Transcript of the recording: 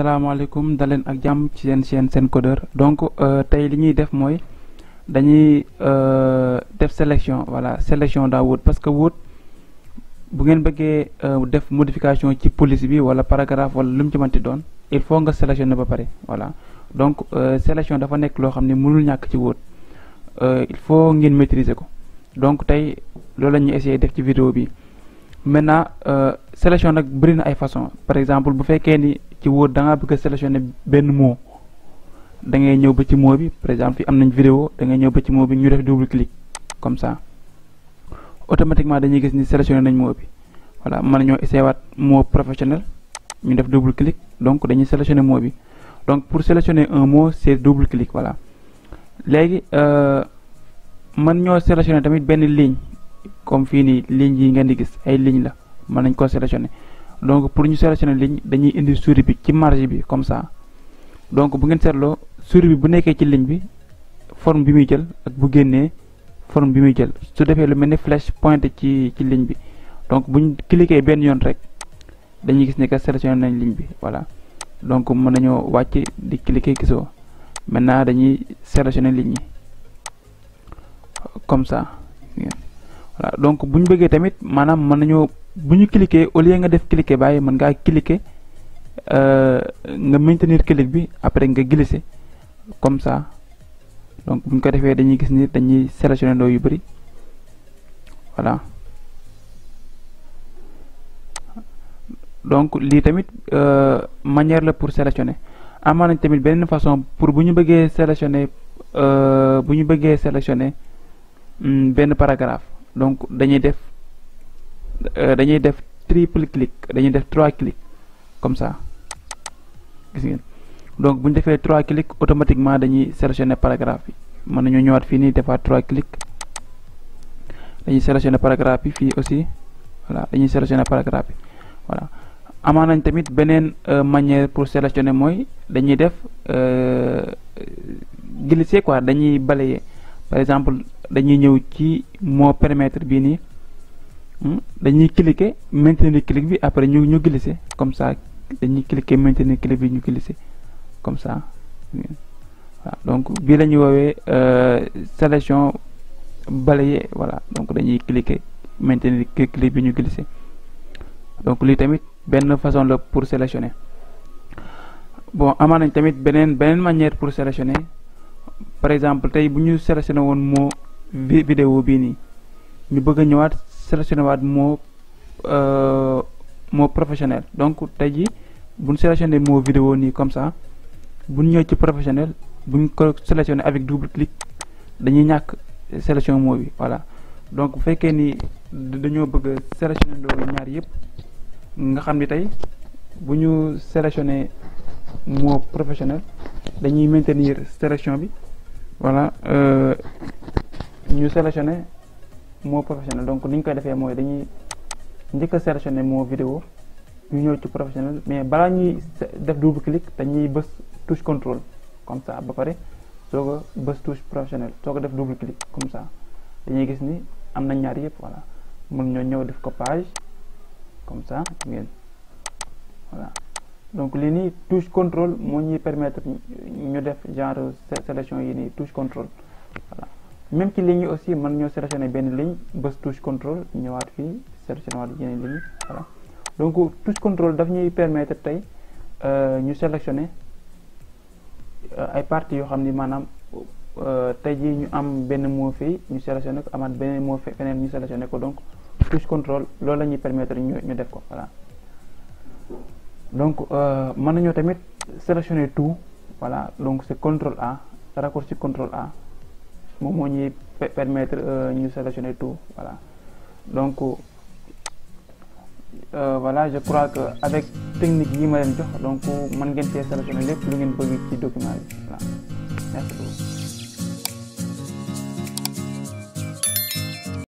asalaamaaleykum daleen ak jàmm ci seen seen seen codeur donc euh, tey li ñuy def mooy dañuy euh, def sélection voilà sélection daa Word parce que Word bu ngeen bëggee euh, def modification ci police bi wala paragraphe wala lu mu ci mënti doon il faut nga sélectionné ba pare voilà donc sélection dafa nekk loo xam ne mënul ñàkk ci Word il faut ngeen maîtriser ko donc tey loolu lañuy ñuy def ci vidéo bi. maintenant euh, sélection nag bëri na ay façon par exemple bu fekkee ni ci Word da ngaa bëgg benn moo da ngay ñëw ba ci mot bi par exemple fi am nañ vidéo da ngay ñëw ba ci moo bi ñu def double clic comme ça automatiquement dañuy gis ni sélectionné nañu moo bi voilà mën nañoo essayé waat mot professionnel ñu def double clic donc dañuy sélectionné moo bi donc pour sélectionner un mot c'est double clic voilà léegi euh, mën ñoo sélectionné tamit benn ligne comme fii nii ligne yi ngeen di gis ay ligne la mën nañ koo sélectionné donc pour ñu sélectionné ligne dañuy indi souris bi ci marge bi comme ça donc bu ngeen seetloo souris bi bu nekkee ci ligne bi form bi muy jël ak bu génnee forme bi muy jël su defee lu mel ni flèche pointé ci ci ligne bi donc bu ñu benn yoon rek dañuy gis ne que sélectionné nañ ligne bi voilà donc mën nañoo wàcc di cliqué gisoo maintenant dañuy sélectionné ligne yi comme ça donc bu ñu bëggee tamit maanaam mën nañoo bu ñu cliquer au lieu nga def cliquer bàyyi mën ngaa cliquer euh, nga maintenir clic bi après nga glisser comme ça donc bu ñu ko defee dañuy gis ni dañuy sélectionné ndoo yu bëri voilà donc lii tamit euh, manière la pour sélectionner amaa nañ tamit benn façon pour bu ñu bëggee sélectionner euh, bu ñu bëggee sélectionner hmm, benn paragraphe donc dañuy def euh, dañuy def triple clic dañuy def trois clics comme ça gis ngeen donc bu ñu defee trois clics automatiquement dañuy sélectionner paragraphe bi mën nañu ñëwaat fii nii defaat trois clics dañuy sélectionner paragraphe bi fii aussi voilà dañuy sélectionner paragraphe bi voilà amaa nañ tamit beneen euh, manière pour sélectionner mooy dañuy def euh, glisser quoi dañuy balayer par exemple dañuy ñëw ci moo permettre bii nii hmm? dañuy cliquer maintenir clic bi après ñu ñu glisser comme ça dañuy cliquer maintenir clic bi ñu glisser comme ça donc bii la ñuy woowee euh, sélection balayer voilà donc dañuy cliquer maintenir clic bi ñu glisser donc lii tamit benn façon la pour sélectionner bon amaa nañ tamit beneen beneen manière pour sélectionner par exemple tey bu ñu sélectionné woon moo vidéo bii nii ñu bëgg a ñëwaat sélectionné waat mot euh, mot professionnel donc tey ji buñ sélectionné moo vidéo nii comme ça buñ ñëw ci professionnel buñ ko sélectionné avec double clic dañuy ñàkk sélection moo bi voilà donc bu fekkee ni dañoo bëgg a sélectionné doo ñaar yëpp nga xam ni tey bu ñu sélectionné mot professionnel dañuy maintenir sélection bi voilà euh, ñu sélectionné moo professionnel donc ni ñu koy defee mooy dañuy njëkk a sélectionné mot vidéo ñu ñëw ci professionnel mais balaa ñuy def double clic dañuy bës touche contrôle comme sax ba pare soo ko bës touche professionnel soo ko def double clic comme ça dañuy gis ni am na ñaar yëpp voilà mun ñoo ñëw def ko page comme ça ngeen voilà donc lii nii touche contrôle moo ñuy permettre ñu def genre sélection yi nii touche contrôle même ci ligne yi aussi mën ñoo sélectionné benn ligne bës touche contrôle ñëwaat fii sélectionné waat yeneen ligne voilà donc touche contrôle dafa ñuy permettre tey euh, ñu sélectionné euh, ay parties yoo xam ni maanaam euh, tey jii ñu am benn mot fii ñu sélectionné ko amaat beneen mot feneen ñu sélectionné ko donc touche contrôle loolu la ñuy permettre ñu ñu def ko voilà donc mën nañoo tamit sélectionné tout voilà donc c'est contrôle A raccourci contrôle A moom moo ñuy permettre euh, ñu sélectionner tout voilà donc euh, voilà je crois que avec technique yi ma leen jox donc mën ngeen cee sélectionner lépp lu ngeen bëgg ci document bi voilà merci